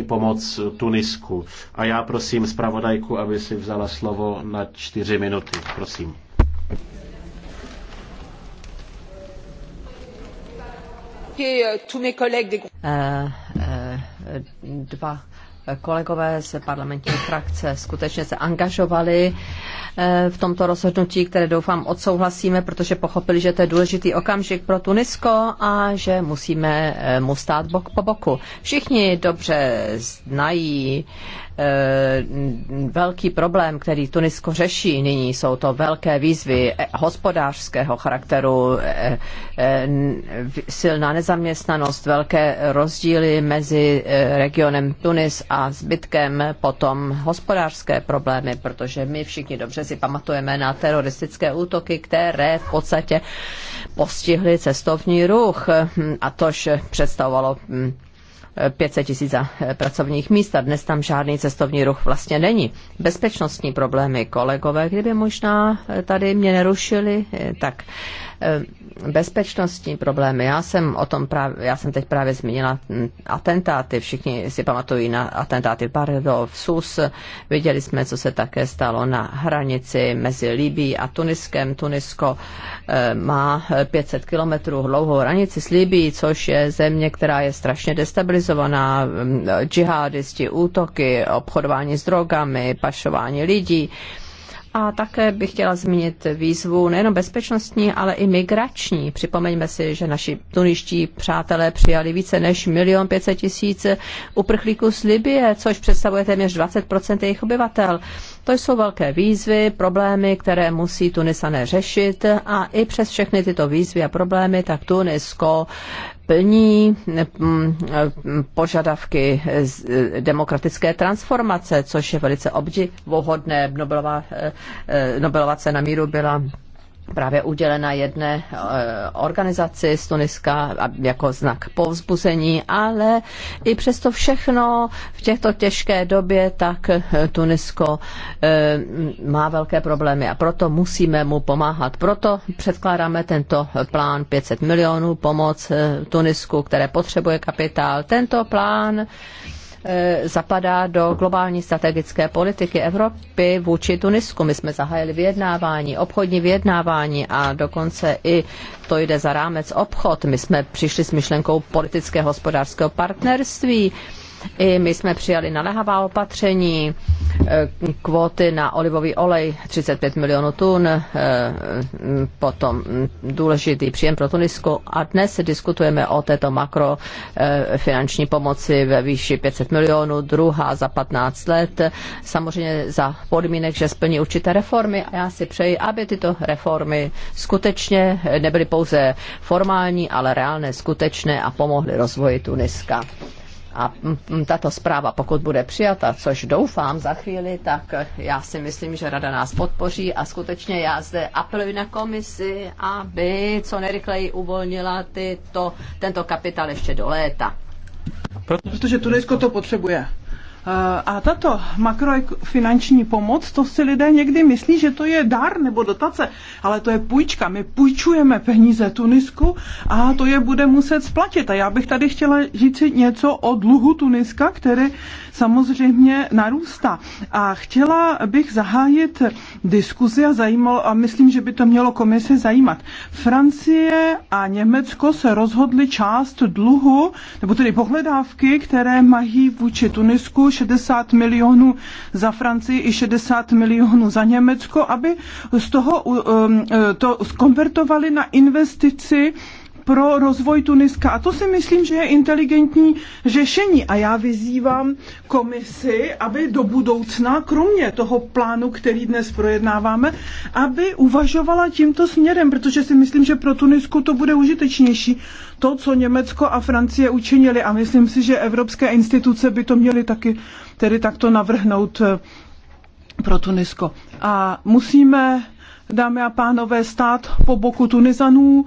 humanitární pomoc Tunisku. A já prosím zpravodajku, aby si vzala slovo na čtyři minuty. Prosím. Uh, uh, dva kolegové z parlamentní frakce skutečně se angažovali eh, v tomto rozhodnutí, které doufám odsouhlasíme, protože pochopili, že to je důležitý okamžik pro Tunisko a že musíme eh, mu stát bok po boku. Všichni dobře znají Eh, velký problém, který Tunisko řeší nyní. Jsou to velké výzvy hospodářského charakteru, eh, eh, silná nezaměstnanost, velké rozdíly mezi regionem Tunis a zbytkem, potom hospodářské problémy, protože my všichni dobře si pamatujeme na teroristické útoky, které v podstatě postihly cestovní ruch hm, a tož představovalo hm, 500 tisíc eh, pracovních míst a dnes tam žádný cestovní ruch vlastně není. Bezpečnostní problémy, kolegové, kdyby možná eh, tady mě nerušili, eh, tak Eh, bezpečnostní problémy. Já jsem o tom právě, já jsem teď právě zmínila hm, atentáty. Všichni si pamatují na atentáty Pardo v Sus. Viděli jsme, co se také stalo na hranici mezi Libí a Tuniskem. Tunisko eh, má 500 kilometrů dlouhou hranici s Libí, což je země, která je strašně destabilizovaná. Hm, Džihadisti, útoky, obchodování s drogami, pašování lidí. A také bych chtěla zmínit výzvu nejen bezpečnostní, ale i migrační. Připomeňme si, že naši tuniští přátelé přijali více než milion 500 tisíc uprchlíků z Libie, což představuje téměř 20 jejich obyvatel. To jsou velké výzvy, problémy, které musí Tunisané řešit a i přes všechny tyto výzvy a problémy, tak Tunisko plní mm, požadavky eh, demokratické transformace, což je velice obdivuhodné. Nobelová, eh, eh, Nobelová cena míru byla právě udělena jedné eh, organizaci z Tuniska jako znak povzbuzení, ale i přesto všechno v těchto těžké době, tak eh, Tunisko eh, má velké problémy a proto musíme mu pomáhat. Proto předkládáme tento plán 500 milionů pomoc Tunisku, které potřebuje kapitál. Tento plán E, zapadá do globální strategické politiky Evropy vůči Tunisku. My jsme zahájili vyjednávání, obchodní vyjednávání a dokonce i to jde za rámec obchod. My jsme přišli s myšlenkou politického hospodářského partnerství. I my jsme přijali naléhavá opatření, e, kvóty na olivový olej 35 milionů tun, e, potom důležitý příjem pro Tunisko a dnes diskutujeme o této makrofinanční e, pomoci ve výši 500 milionů, druhá za 15 let, samozřejmě za podmínek, že splní určité reformy a já si přeji, aby tyto reformy skutečně nebyly pouze formální, ale reálné, skutečné a pomohly rozvoji Tuniska a mm, mm, tato zpráva, pokud bude přijata, což doufám za chvíli, tak já si myslím, že Rada nás podpoří a skutečně já zde apeluji na komisi, aby co nejrychleji uvolnila tyto, tento kapitál ještě do léta. Protože Turecko to potřebuje. Eh, a tato makrofinanční pomoc, to si lidé někdy myslí, že to je dar nebo dotace, ale to je půjčka. My půjčujeme peníze Tunisku a to je bude muset splatit. A já bych tady chtěla říct si něco o dluhu Tuniska, který samozřejmě narůstá. A chtěla bych zahájit diskuzi a zajímalo, a myslím, že by to mělo komise zajímat. Francie a Německo se rozhodly část dluhu, nebo tedy pohledávky, které mají vůči Tunisku 60 milionů za Francii i 60 milionů za Německo, aby z toho um, to skonvertovali na investici pro rozvoj Tuniska. A to si myslím, že je inteligentní řešení. A já vyzývám komisi, aby do budoucna, kromě toho plánu, který dnes projednáváme, aby uvažovala tímto směrem, protože si myslím, že pro Tunisku to bude užitečnější. To, co Německo a Francie učinili a myslím si, že evropské instituce by to měly taky tedy takto navrhnout eh, pro Tunisko. A musíme, dámy a pánové, stát po boku Tunizanů,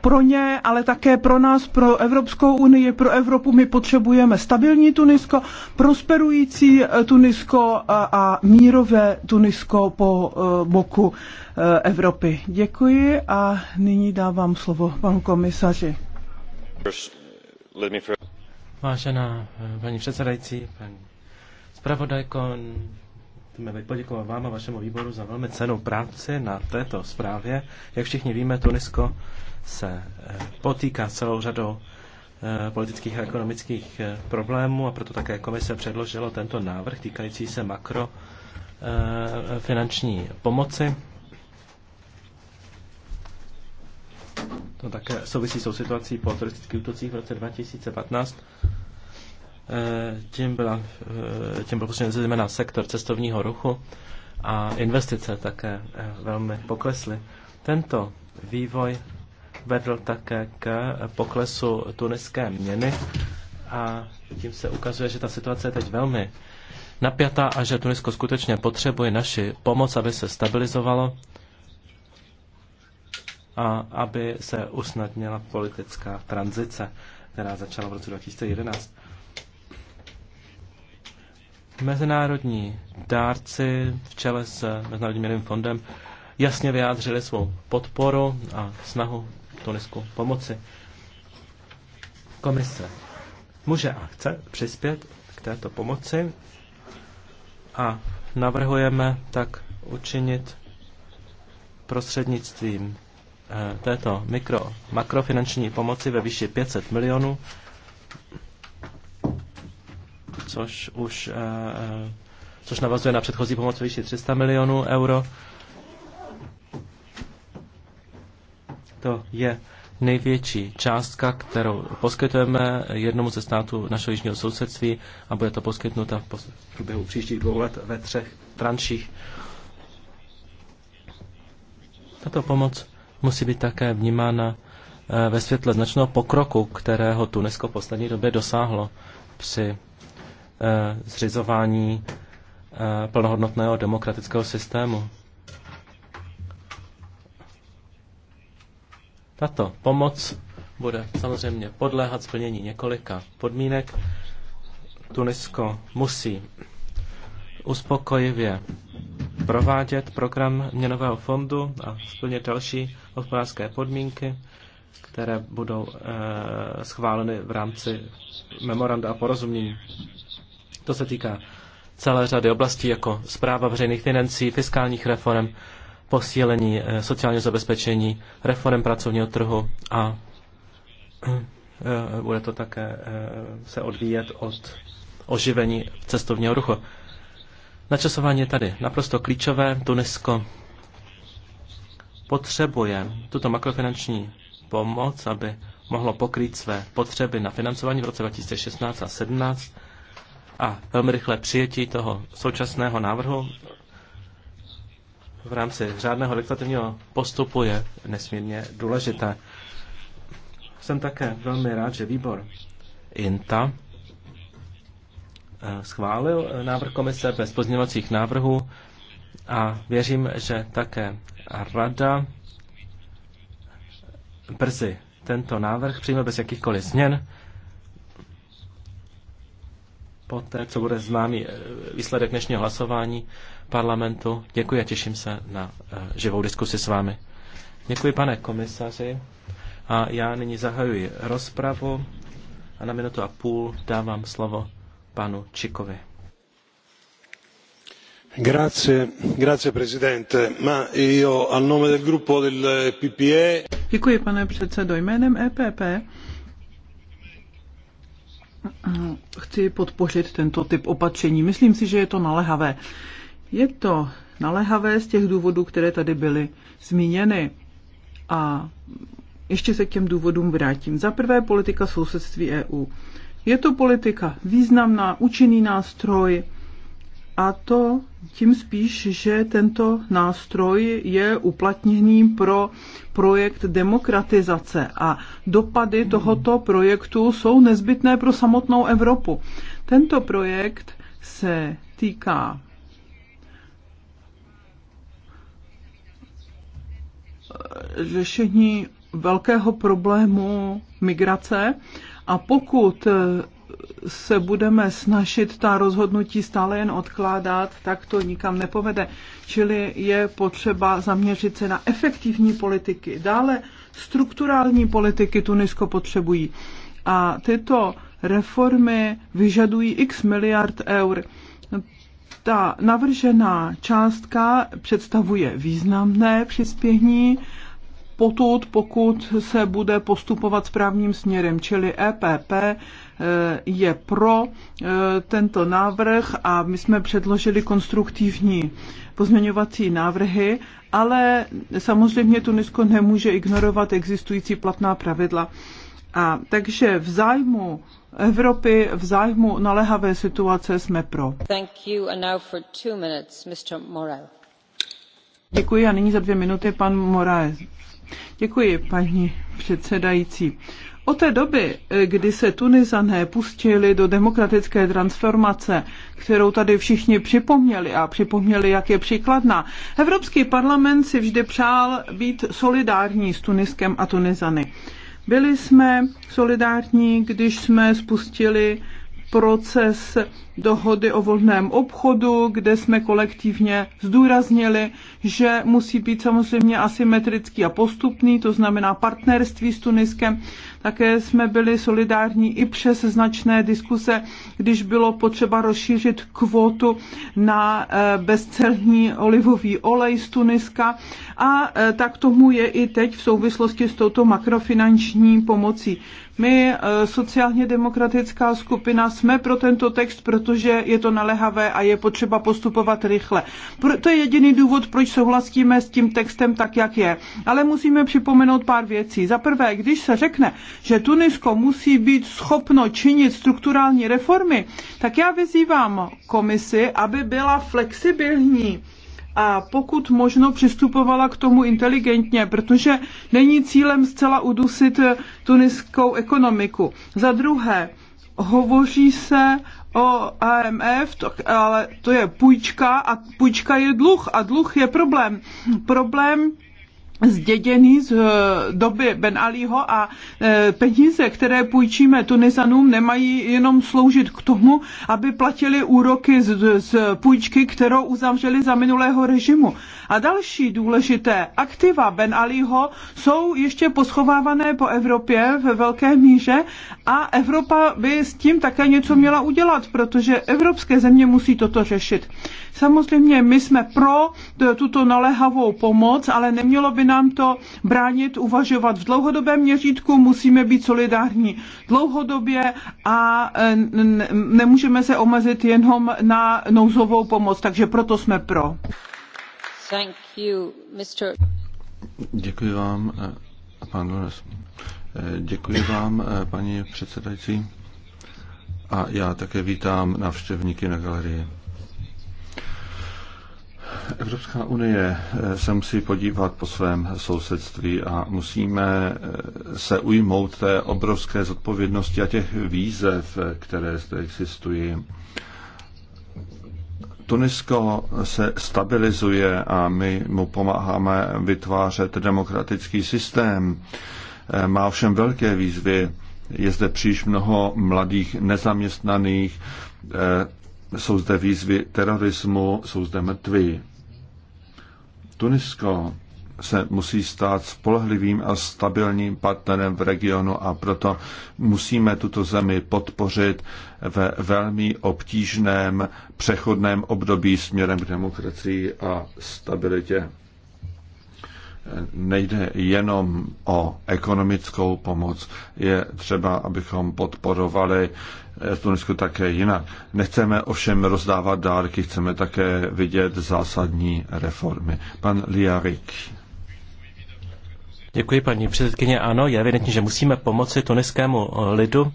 pro ně, ale také pro nás, pro Evropskou unii, pro Evropu. My potřebujeme stabilní Tunisko, prosperující eh, Tunisko a, a mírové Tunisko po eh, boku eh, Evropy. Děkuji a nyní dávám slovo panu komisaři. Vážená paní předsedající, paní zpravodajko, Chceme poděkovat vám a vašemu výboru za velmi cenou práci na této zprávě. Jak všichni víme, Tunisko se eh, potýká celou řadou eh, politických a ekonomických eh, problémů a proto také komise předložilo tento návrh týkající se makro finanční pomoci. To také souvisí s tou situací po turistických útocích v roce 2015. Tím, byla, tím byl postižen zejména sektor cestovního ruchu a investice také velmi poklesly. Tento vývoj vedl také k poklesu tuniské měny a tím se ukazuje, že ta situace je teď velmi napjatá a že Tunisko skutečně potřebuje naši pomoc, aby se stabilizovalo a aby se usnadnila politická tranzice, která začala v roce 2011. Mezinárodní dárci v čele s Mezinárodním měným fondem jasně vyjádřili svou podporu a snahu Tunisku pomoci. Komise může a chce přispět k této pomoci a navrhujeme tak učinit prostřednictvím eh, této mikro, makrofinanční pomoci ve výši 500 milionů, což už eh, eh, což navazuje na předchozí pomoc ve výši 300 milionů euro To je největší částka, kterou poskytujeme jednomu ze států našeho jižního sousedství a bude to poskytnuta v průběhu příštích dvou let ve třech tranších. Tato pomoc musí být také vnímána eh, ve světle značného pokroku, kterého Tunesko v poslední době dosáhlo při eh, zřizování eh, plnohodnotného demokratického systému. Tato pomoc bude samozřejmě podléhat splnění několika podmínek. Tunisko musí uspokojivě provádět program měnového fondu a splnit další hospodářské podmínky, které budou eh, schváleny v rámci memoranda a porozumění. To se týká celé řady oblastí, jako zpráva veřejných financí, fiskálních reform, posílení eh, sociálního zabezpečení, reform pracovního trhu a eh, eh, bude to také se odvíjet od oživení cestovního ruchu. Načasování je tady naprosto klíčové. Tunisko potřebuje tuto makrofinanční pomoc, aby mohlo pokrýt své potřeby na financování v roce 2016 a 2017 a velmi rychlé přijetí toho současného návrhu v rámci řádného legislativního postupu je nesmírně důležité. Jsem také velmi rád, že výbor INTA eh, schválil eh, návrh komise bez pozměňovacích návrhů a věřím, že také rada brzy tento návrh přijme bez jakýchkoliv změn. Poté, co bude známý eh, výsledek dnešního hlasování, parlamentu. Děkuji a těším se na eh, živou diskusi s vámi. Děkuji, pane komisaři. A já nyní zahajuji rozpravu a na minutu a půl dávám slovo panu Čikovi. Grazie, grazie presidente. Ma io a nome del gruppo del PPE. Děkuji, pane předsedo. Jménem EPP chci podpořit tento typ opatření. Myslím si, že je to nalehavé. Je to naléhavé z těch důvodů, které tady byly zmíněny. A ještě se k těm důvodům vrátím. Za prvé politika sousedství EU. Je to politika významná, účinný nástroj a to tím spíš, že tento nástroj je uplatněný pro projekt demokratizace a dopady tohoto projektu jsou nezbytné pro samotnou Evropu. Tento projekt se týká řešení velkého problému migrace a pokud se budeme snažit ta rozhodnutí stále jen odkládat, tak to nikam nepovede. Čili je potřeba zaměřit se na efektivní politiky. Dále strukturální politiky Tunisko potřebují. A tyto reformy vyžadují x miliard eur ta navržená částka představuje významné přispění, potud, pokud se bude postupovat správným směrem, čili EPP eh, je pro eh, tento návrh a my jsme předložili konstruktivní pozměňovací návrhy, ale samozřejmě Tunisko nemůže ignorovat existující platná pravidla a takže v zájmu Evropy, v zájmu naléhavé situace jsme pro. Děkuji a nyní za dvě minuty pan Moraes. Děkuji, paní předsedající. Od té doby, kdy se Tunizané pustili do demokratické transformace, kterou tady všichni připomněli a připomněli, jak je příkladná, Evropský parlament si vždy přál být solidární s Tuniskem a Tunizany. Byli jsme solidární, když jsme spustili proces dohody o volném obchodu, kde jsme kolektivně zdůraznili, že musí být samozřejmě asymetrický a postupný, to znamená partnerství s Tuniskem. Také jsme byli solidární i přes značné diskuse, když bylo potřeba rozšířit kvotu na eh, bezcelní olivový olej z Tuniska. A eh, tak tomu je i teď v souvislosti s touto makrofinanční pomocí. My, eh, sociálně demokratická skupina, jsme pro tento text, protože je to naléhavé a je potřeba postupovat rychle. To je jediný důvod, proč souhlasíme s tím textem tak, jak je. Ale musíme připomenout pár věcí. Za prvé, když se řekne, že Tunisko musí být schopno činit strukturální reformy, tak já vyzývám komisi, aby byla flexibilní a pokud možno přistupovala k tomu inteligentně, protože není cílem zcela udusit eh, tuniskou ekonomiku. Za druhé, hovoří se o AMF, to, ale to je půjčka a půjčka je dluh a dluh je problém. Problém zděděný z eh, doby Ben Aliho a eh, peníze, které půjčíme Tunizanům, nemají jenom sloužit k tomu, aby platili úroky z, z půjčky, kterou uzavřeli za minulého režimu. A další důležité aktiva Ben Aliho jsou ještě poschovávané po Evropě ve velké míře a Evropa by s tím také něco měla udělat, protože evropské země musí toto řešit. Samozřejmě my jsme pro tuto naléhavou pomoc, ale nemělo by nám to bránit uvažovat v dlouhodobém měřítku, musíme být solidární dlouhodobě a e, nemůžeme se omezit jenom na nouzovou pomoc, takže proto jsme pro. Thank you, Mr. Děkuji vám, e, pan e, Děkuji vám, paní předsedající. A já také vítám návštěvníky na galerii. Evropská unie eh, se musí podívat po svém sousedství a musíme eh, se ujmout té obrovské zodpovědnosti a těch výzev, eh, které zde existují. Tunisko se stabilizuje a my mu pomáháme vytvářet demokratický systém. Má ovšem velké výzvy. Je zde příliš mnoho mladých nezaměstnaných, jsou zde výzvy terorismu, jsou zde mrtví. Tunisko se musí stát spolehlivým a stabilním partnerem v regionu a proto musíme tuto zemi podpořit ve velmi obtížném přechodném období směrem k demokracii a stabilitě. Nejde jenom o ekonomickou pomoc, je třeba, abychom podporovali v Tunisku také jinak. Nechceme ovšem rozdávat dárky, chceme také vidět zásadní reformy. Pan Liarik. Děkuji, paní předsedkyně. Ano, je evidentní, že musíme pomoci tuniskému lidu.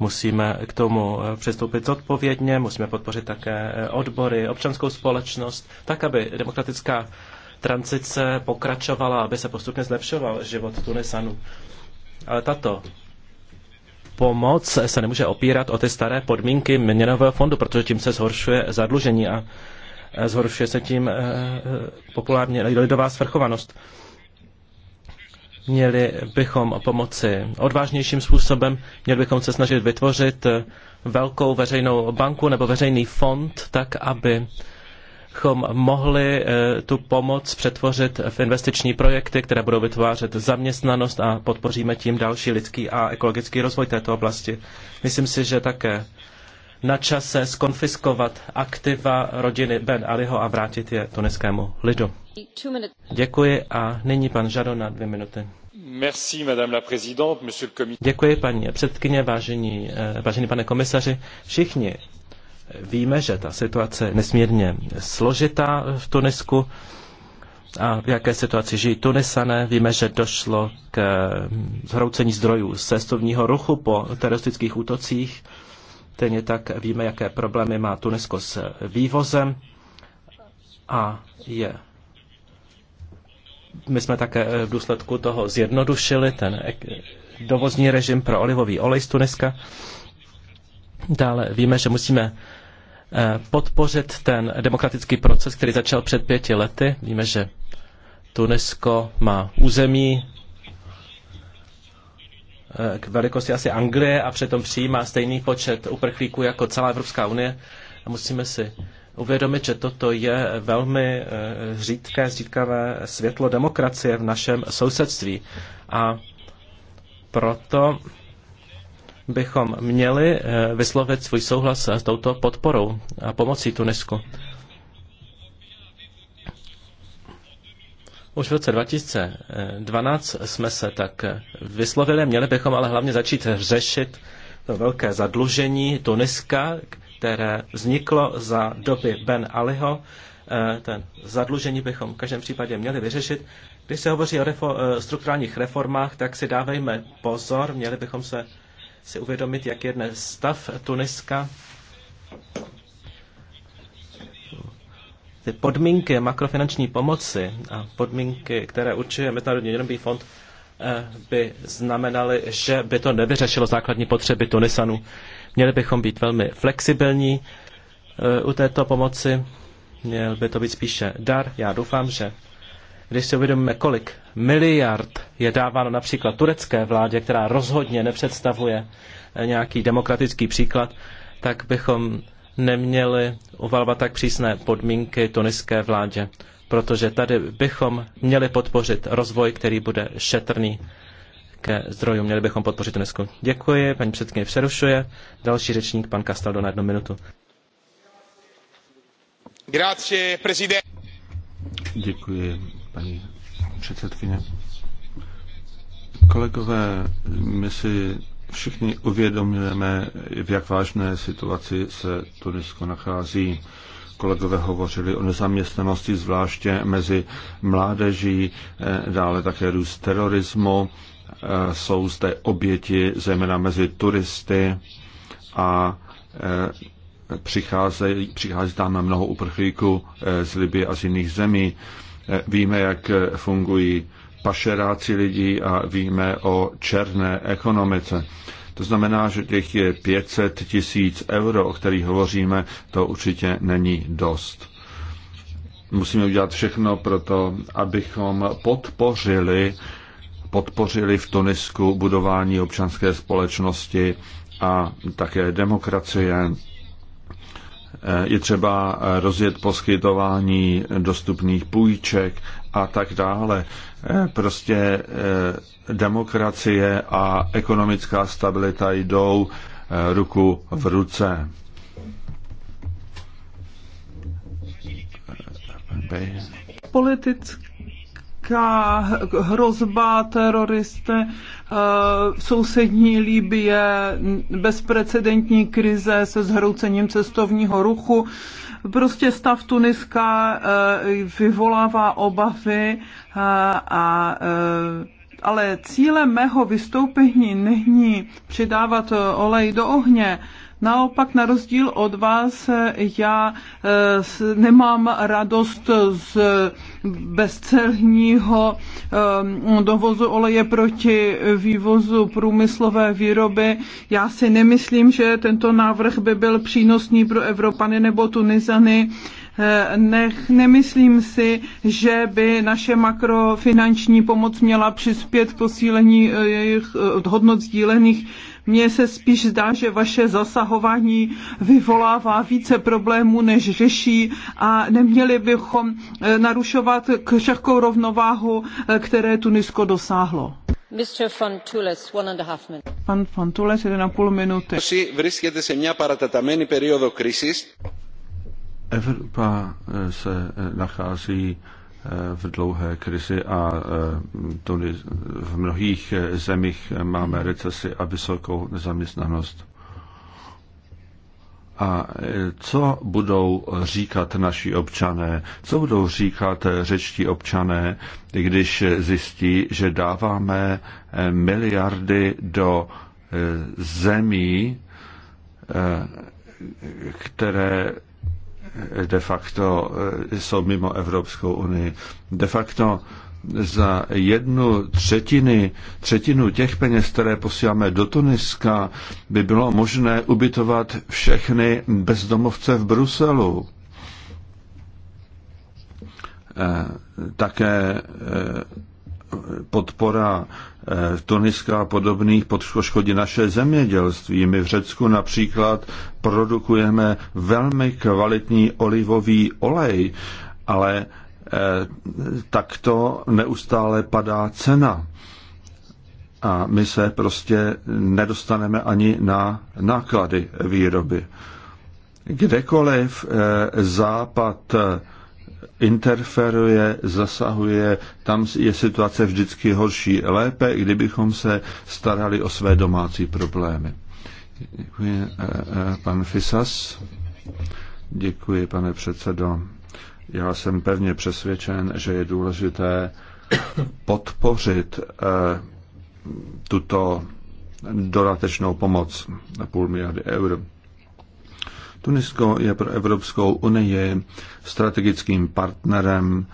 Musíme k tomu přistoupit odpovědně, musíme podpořit také odbory, občanskou společnost, tak, aby demokratická tranzice pokračovala, aby se postupně zlepšoval život Tunisanů. Ale tato pomoc se nemůže opírat o ty staré podmínky měnového fondu, protože tím se zhoršuje zadlužení a e, zhoršuje se tím e, e, populárně lidová svrchovanost. Měli bychom pomoci odvážnějším způsobem, měli bychom se snažit vytvořit velkou veřejnou banku nebo veřejný fond, tak aby bychom mohli eh, tu pomoc přetvořit v investiční projekty, které budou vytvářet zaměstnanost a podpoříme tím další lidský a ekologický rozvoj této oblasti. Myslím si, že také na čase skonfiskovat aktiva rodiny Ben Aliho a vrátit je tuniskému lidu. Děkuji a nyní pan Žado na dvě minuty. Merci, madame la présidente, monsieur le Děkuji, paní předsedkyně, vážení, eh, vážený pane komisaři. Všichni Víme, že ta situace je nesmírně složitá v Tunisku a v jaké situaci žijí Tunisané. Víme, že došlo k mm, zhroucení zdrojů cestovního ruchu po teroristických útocích. Stejně tak víme, jaké problémy má Tunisko s vývozem a je. My jsme také eh, v důsledku toho zjednodušili ten dovozní režim pro olivový olej z Tuniska. Dále víme, že musíme Eh, podpořit ten demokratický proces, který začal před pěti lety. Víme, že Tunisko má území eh, k velikosti asi Anglie a přitom přijímá stejný počet uprchlíků jako celá Evropská unie. A musíme si uvědomit, že toto je velmi eh, řídké, zřídkavé světlo demokracie v našem sousedství. A proto bychom měli eh, vyslovit svůj souhlas s touto podporou a pomocí Tunisku. Už v roce 2012 jsme se tak vyslovili, měli bychom ale hlavně začít řešit to velké zadlužení Tuniska, které vzniklo za doby Ben Aliho. Eh, ten zadlužení bychom v každém případě měli vyřešit. Když se hovoří o refo- eh, strukturálních reformách, tak si dávejme pozor, měli bychom se si uvědomit, jak je dnes stav Tuniska. Ty podmínky makrofinanční pomoci a podmínky, které určuje Mezinárodní měnový fond, eh, by znamenaly, že by to nevyřešilo základní potřeby Tunisanů. Měli bychom být velmi flexibilní eh, u této pomoci, měl by to být spíše dar. Já doufám, že když si uvědomíme, kolik miliard je dáváno například turecké vládě, která rozhodně nepředstavuje eh, nějaký demokratický příklad, tak bychom neměli uvalovat tak přísné podmínky tuniské vládě, protože tady bychom měli podpořit rozvoj, který bude šetrný ke zdrojům. Měli bychom podpořit UNESCO. Děkuji, paní předsedkyně přerušuje. Další řečník, pan Castaldo, na jednu minutu. Grazie, Děkuji, paní předsedkyně. Kolegové, my si všichni uvědomujeme, v jak vážné situaci se Tunisko nachází. Kolegové hovořili o nezaměstnanosti, zvláště mezi mládeží, eh, dále také růst terorismu, eh, jsou zde oběti, zejména mezi turisty a eh, přicházejí, přichází tam mnoho uprchlíků z Libie a z jiných zemí. Eh, víme, jak eh, fungují pašeráci lidí a víme o černé ekonomice. To znamená, že těch je 500 tisíc euro, o kterých hovoříme, to určitě není dost. Musíme udělat všechno pro to, abychom podpořili, podpořili v Tunisku budování občanské společnosti a také demokracie je třeba rozjet poskytování dostupných půjček a tak dále. Prostě eh, demokracie a ekonomická stabilita jdou eh, ruku v ruce. Politické obrovská hrozba teroristé v eh, sousední Líbie, bezprecedentní krize se zhroucením cestovního ruchu. Prostě stav Tuniska eh, vyvolává obavy eh, a ale cílem mého vystoupení není přidávat olej do ohně. Naopak, na rozdíl od vás, já nemám radost z bezcelního ehm, dovozu oleje proti vývozu průmyslové výroby. Já si nemyslím, že tento návrh by byl přínosný pro Evropany nebo Tunizany Eh, nech, nemyslím si, že by naše makrofinanční pomoc měla přispět k posílení eh, jejich eh, hodnot sdílených mně se spíš zdá, že vaše zasahování vyvolává více problémů, než řeší a neměli bychom narušovat křehkou rovnováhu, které Tunisko dosáhlo. Mr. Fontoulis, one and a half minute. Pan Fontules, jeden a půl minuty. Evropa eh, se eh, nachází eh, v dlouhé krizi a tudy v mnohých zemích máme recesi a vysokou nezaměstnanost. A co budou říkat naši občané? Co budou říkat řečtí občané, když zjistí, že dáváme miliardy do zemí, které de facto eh, jsou mimo Evropskou unii. De facto za jednu třetiny, třetinu těch peněz, které posíláme do Tuniska, by bylo možné ubytovat všechny bezdomovce v Bruselu. Eh, také eh, podpora eh, Tuniska a podobných podškodí naše zemědělství. My v Řecku například produkujeme velmi kvalitní olivový olej, ale eh, takto neustále padá cena. A my se prostě nedostaneme ani na náklady výroby. Kdekoliv eh, západ interferuje, zasahuje, tam je situace vždycky horší. Lépe, kdybychom se starali o své domácí problémy. Děkuji, eh, eh, pan Fisas. Děkuji, pane předsedo. Já jsem pevně přesvědčen, že je důležité podpořit eh, tuto dodatečnou pomoc na půl miliardy eur. Tunisko je pro Evropskou unii strategickým partnerem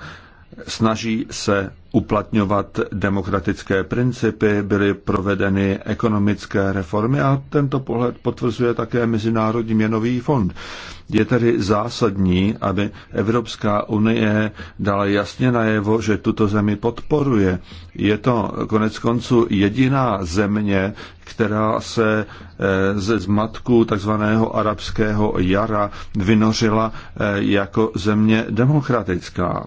snaží se uplatňovat demokratické principy, byly provedeny ekonomické reformy a tento pohled potvrzuje také Mezinárodní měnový fond. Je tedy zásadní, aby Evropská unie dala jasně najevo, že tuto zemi podporuje. Je to konec konců jediná země, která se eh, ze zmatku takzvaného arabského jara vynořila eh, jako země demokratická.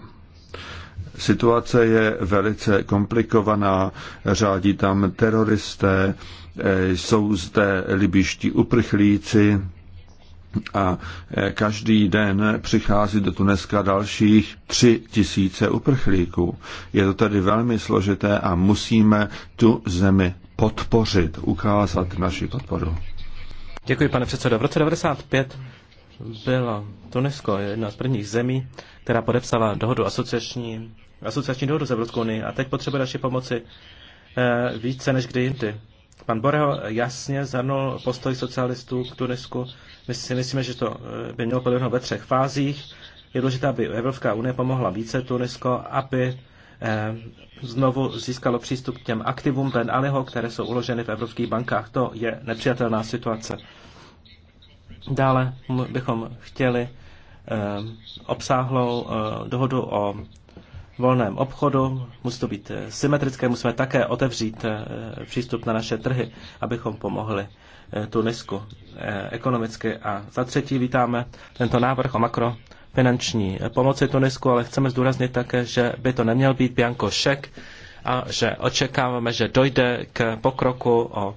Situace je velice komplikovaná, řádí tam teroristé, eh, jsou zde libiští uprchlíci a eh, každý den přichází do Tuneska dalších tři tisíce uprchlíků. Je to tedy velmi složité a musíme tu zemi podpořit, ukázat naši podporu. Děkuji, pane předsedo. V roce 1995 bylo Tunisko jedna z prvních zemí, která podepsala dohodu asociační asociační dohodu s Evropskou unii a teď potřebuje naši pomoci eh, více než kdy jindy. Pan Boreho, jasně zhrnul postoj socialistů k Tunisku. My si myslíme, že to eh, by mělo podobno ve třech fázích. Je důležité, aby Evropská unie pomohla více Tunisko, aby eh, znovu získalo přístup k těm aktivům Ben Aliho, které jsou uloženy v evropských bankách. To je nepřijatelná situace. Dále bychom chtěli obsáhlou dohodu o volném obchodu, musí to být eh, symetrické, musíme také otevřít eh, přístup na naše trhy, abychom pomohli eh, Tunisku ekonomicky. A za třetí vítáme tento návrh o makrofinanční pomoci Tunisku, ale chceme zdůraznit také, že by to neměl být bianko šek a že očekáváme, že dojde k pokroku o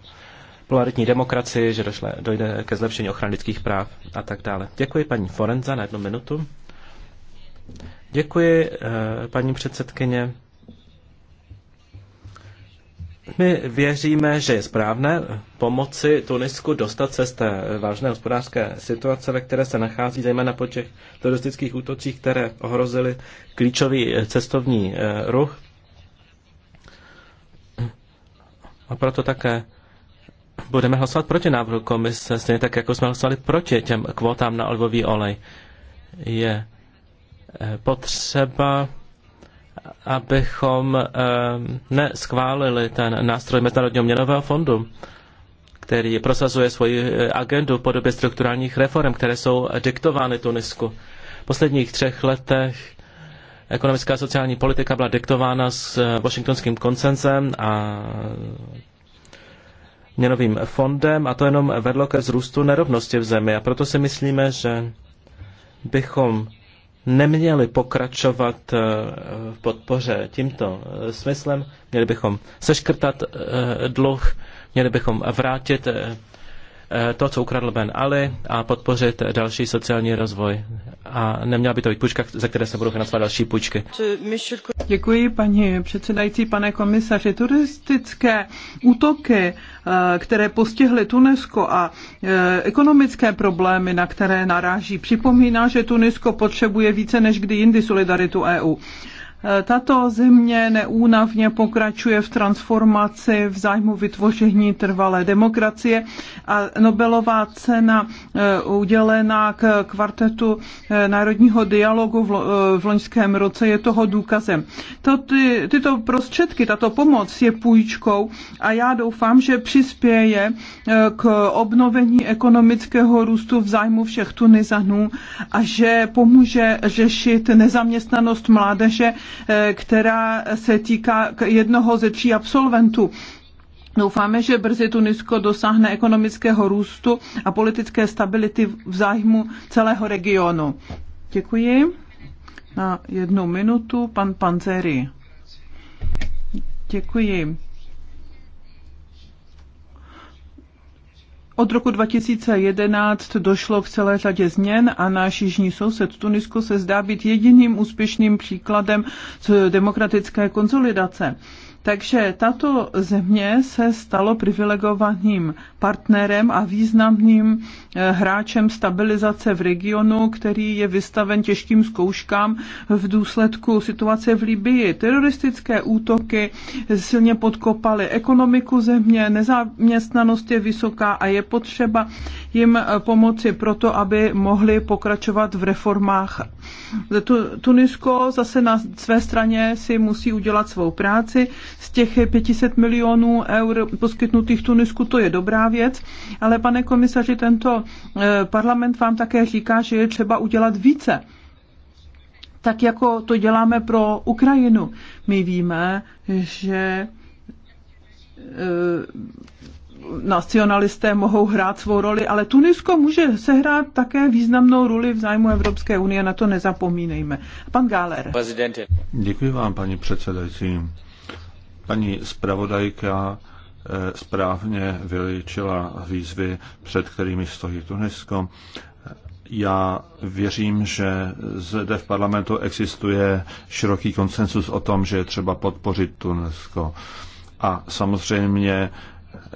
pluralitní demokracii, že došle, dojde ke zlepšení ochrany lidských práv a tak dále. Děkuji paní Forenza na jednu minutu. Děkuji, eh, paní předsedkyně. My věříme, že je správné pomoci Tunisku dostat se z té vážné hospodářské situace, ve které se nachází, zejména po těch teroristických útocích, které ohrozily klíčový eh, cestovní eh, ruch. A proto také budeme hlasovat proti návrhu komise, stejně tak, jako jsme hlasovali proti těm kvótám na olivový olej. Je Eh, potřeba, abychom eh, neschválili ten nástroj Mezinárodního měnového fondu, který prosazuje svoji eh, agendu v podobě strukturálních reform, které jsou diktovány Tunisku. V posledních třech letech ekonomická a sociální politika byla diktována s washingtonským konsenzem a měnovým fondem a to jenom vedlo ke vzrůstu nerovnosti v zemi. A proto si myslíme, že bychom neměli pokračovat eh, v podpoře tímto eh, smyslem. Měli bychom seškrtat eh, dluh, měli bychom vrátit Eh, to, co ukradl Ben Ali a podpořit další sociální rozvoj. A neměla by to být půjčka, za které se budou financovat další půjčky. Děkuji, paní předsedající, pane komisaři. Turistické útoky, eh, které postihly Tunisko a eh, ekonomické problémy, na které naráží, připomíná, že Tunisko potřebuje více než kdy jindy solidaritu EU. Tato země neúnavně pokračuje v transformaci v zájmu vytvoření trvalé demokracie a Nobelová cena eh, udělená k kvartetu eh, národního dialogu eh, v loňském roce je toho důkazem. Ty, tyto prostředky, tato pomoc je půjčkou a já doufám, že přispěje k obnovení ekonomického růstu v zájmu všech Tunizanů a že pomůže řešit nezaměstnanost mládeže, Eh, která se týká jednoho ze tří absolventů. Doufáme, že brzy Tunisko dosáhne ekonomického růstu a politické stability v zájmu celého regionu. Děkuji. Na jednu minutu pan Panzeri. Děkuji. Od roku 2011 došlo k celé řadě změn a náš jižní soused Tunisko se zdá být jediným úspěšným příkladem demokratické konsolidace. Takže tato země se stalo privilegovaným partnerem a významným eh, hráčem stabilizace v regionu, který je vystaven těžkým zkouškám v důsledku situace v Libii. Teroristické útoky silně podkopaly ekonomiku země, nezaměstnanost je vysoká a je potřeba jim eh, pomoci proto, aby mohli pokračovat v reformách. Tunisko zase na své straně si musí udělat svou práci, z těch 500 milionů eur poskytnutých Tunisku, to je dobrá věc, ale pane komisaři, tento eh, parlament vám také říká, že je třeba udělat více tak jako to děláme pro Ukrajinu. My víme, že eh, nacionalisté mohou hrát svou roli, ale Tunisko může sehrát také významnou roli v zájmu Evropské unie, na to nezapomínejme. Pan Gáler. Děkuji vám, paní předsedající. Paní zpravodajka eh, správně vyličila výzvy, před kterými stojí Tunisko. Já věřím, že zde v parlamentu existuje široký konsensus o tom, že je třeba podpořit Tunisko. A samozřejmě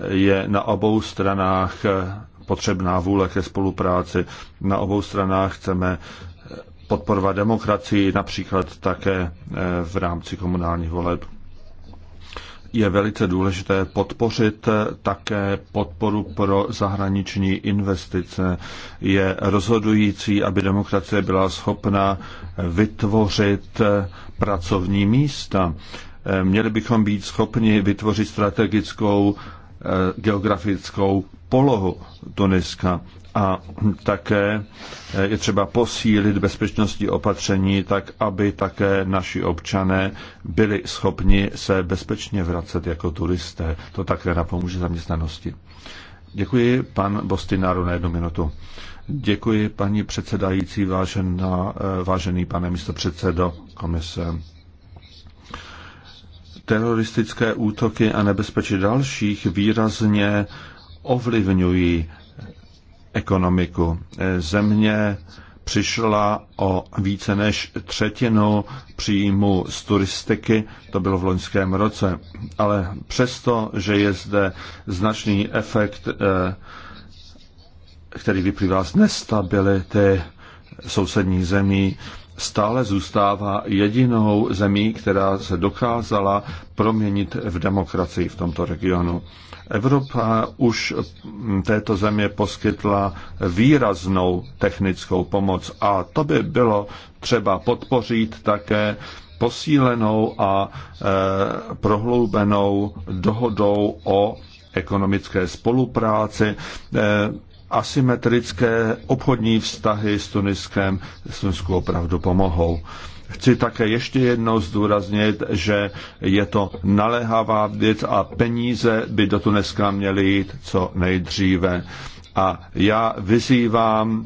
je na obou stranách eh, potřebná vůle ke spolupráci. Na obou stranách chceme eh, podporovat demokracii, například také v rámci komunálních voleb je velice důležité podpořit také podporu pro zahraniční investice. Je rozhodující, aby demokracie byla schopna vytvořit pracovní místa. Měli bychom být schopni vytvořit strategickou eh, geografickou polohu Tuniska a také je třeba posílit bezpečnostní opatření tak, aby také naši občané byli schopni se bezpečně vracet jako turisté. To také napomůže zaměstnanosti. Děkuji, pan Bostináru, na jednu minutu. Děkuji, paní předsedající, vážená, vážený pane místopředsedo komise teroristické útoky a nebezpečí dalších výrazně ovlivňují ekonomiku. Eh, země přišla o více než třetinu příjmu z turistiky, to bylo v loňském roce. Ale přesto, že je zde značný efekt, eh, který vyplývá z nestability sousedních zemí, stále zůstává jedinou zemí, která se dokázala proměnit v demokracii v tomto regionu. Evropa už této země poskytla výraznou technickou pomoc a to by bylo třeba podpořit také posílenou a e, prohloubenou dohodou o ekonomické spolupráci, e, asymetrické obchodní vztahy s Tuniskem s Tunisku opravdu pomohou. Chci také ještě jednou zdůraznit, že je to naléhavá věc a peníze by do Tuneska měly jít co nejdříve. A já vyzývám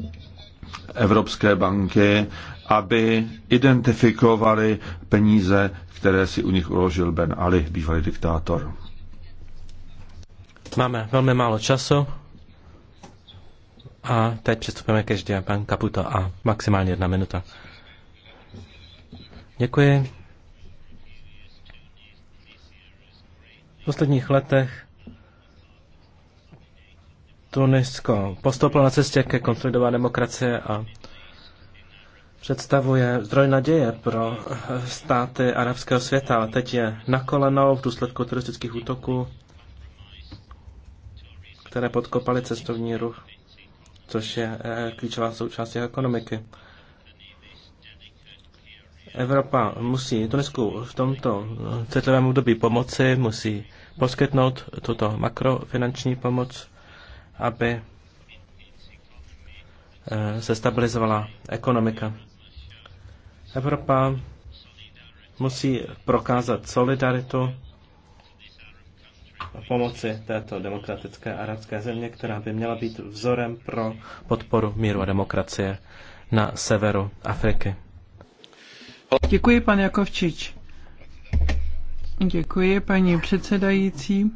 Evropské banky, aby identifikovali peníze, které si u nich uložil Ben Ali, bývalý diktátor. Máme velmi málo času. A teď přistupujeme ke ždě. Pan Kaputo a maximálně jedna minuta. Děkuji. V posledních letech Tunisko postoupilo na cestě ke konsolidová demokracie a představuje zdroj naděje pro státy arabského světa, ale teď je na kolenou v důsledku teroristických útoků, které podkopaly cestovní ruch což je eh, klíčová součást ekonomiky. Evropa musí Tunisku v tomto citlivém období pomoci, musí poskytnout tuto makrofinanční pomoc, aby eh, se stabilizovala ekonomika. Evropa musí prokázat solidaritu pomoci této demokratické arabské země, která by měla být vzorem pro podporu míru a demokracie na severu Afriky. Děkuji, pan Jakovčič. Děkuji, paní předsedající.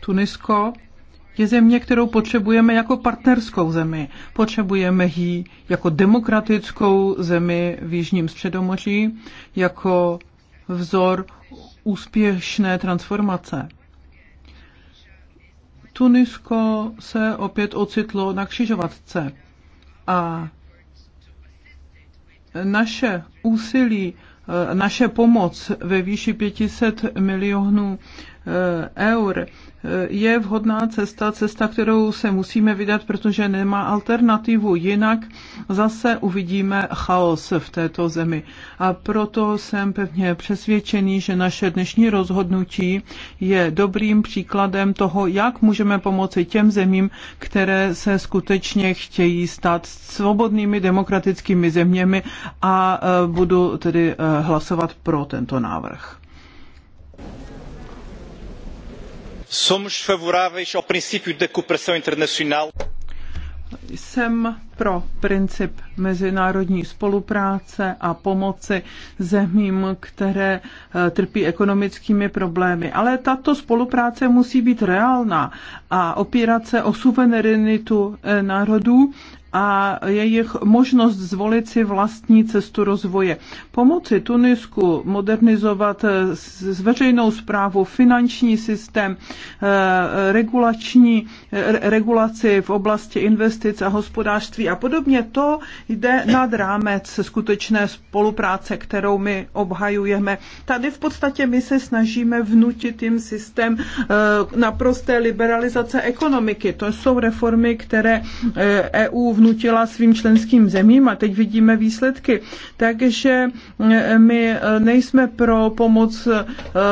Tunisko je země, kterou potřebujeme jako partnerskou zemi. Potřebujeme ji jako demokratickou zemi v Jižním středomoří, jako vzor úspěšné transformace. Tunisko se opět ocitlo na křižovatce a naše úsilí, e, naše pomoc ve výši 500 milionů Eh, eur eh, je vhodná cesta, cesta, kterou se musíme vydat, protože nemá alternativu. Jinak zase uvidíme chaos v této zemi. A proto jsem pevně přesvědčený, že naše dnešní rozhodnutí je dobrým příkladem toho, jak můžeme pomoci těm zemím, které se skutečně chtějí stát svobodnými demokratickými zeměmi a eh, budu tedy hlasovat pro tento návrh. Jsem pro princip mezinárodní spolupráce a pomoci zemím, které eh, trpí ekonomickými problémy. Ale tato spolupráce musí být reálná a opírat se o suverenitu eh, národů a jejich možnost zvolit si vlastní cestu rozvoje. Pomoci Tunisku modernizovat eh, s veřejnou zprávu, finanční systém, eh, regulační, eh, regulaci v oblasti investic a hospodářství a podobně, to jde nad rámec skutečné spolupráce, kterou my obhajujeme. Tady v podstatě my se snažíme vnutit jim systém naprosté liberalizace ekonomiky. To jsou reformy, které EU e vnutila svým členským zemím a teď vidíme výsledky. Takže eh, my eh, nejsme pro pomoc, eh,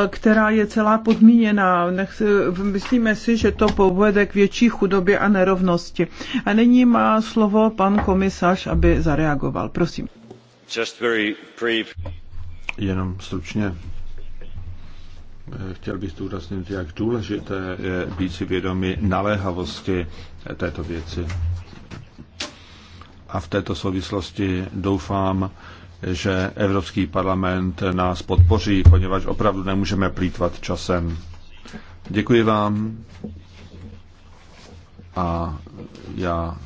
která je celá podmíněná. Myslíme si, že to povede k větší chudobě a nerovnosti. A nyní má slovo pan komisař, aby zareagoval. Prosím. Just very brief. Jenom stručně. Chtěl bych zdůraznit, jak důležité je být si vědomi naléhavosti této věci a v této souvislosti doufám, že Evropský parlament nás podpoří, poněvadž opravdu nemůžeme plítvat časem. Děkuji vám a já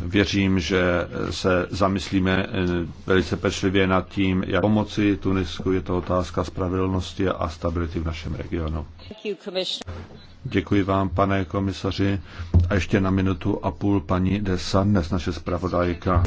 Věřím, že se zamyslíme eh, velice pečlivě nad tím, jak pomoci Tunisku. Je to otázka spravedlnosti a stability v našem regionu. Děkuji vám, pane komisaři. A ještě na minutu a půl paní Desan, dnes naše zpravodajka.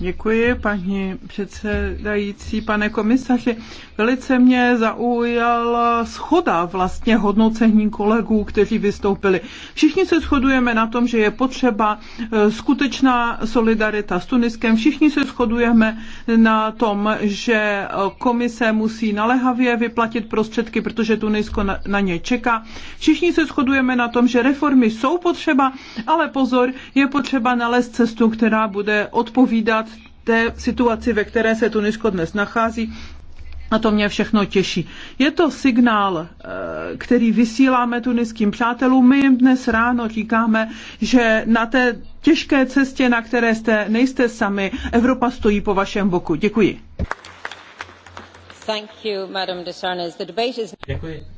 Děkuji, paní předsedající, pane komisaři. Velice mě zaujala schoda vlastně hodnocení kolegů, kteří vystoupili. Všichni se shodujeme na tom, že je potřeba e, skutečná solidarita s Tuniskem. Všichni se shodujeme na tom, že e, komise musí naléhavě vyplatit prostředky, protože Tunisko na, na ně čeká. Všichni se shodujeme na tom, že reformy jsou potřeba, ale pozor, je potřeba nalézt cestu, která bude odpovídat pokračovat té situaci, ve které se Tunisko dnes nachází. A to mě všechno těší. Je to signál, eh, který vysíláme tuniským přátelům. My jim dnes ráno říkáme, že na té těžké cestě, na které jste, nejste sami, Evropa stojí po vašem boku. Děkuji. Děkuji.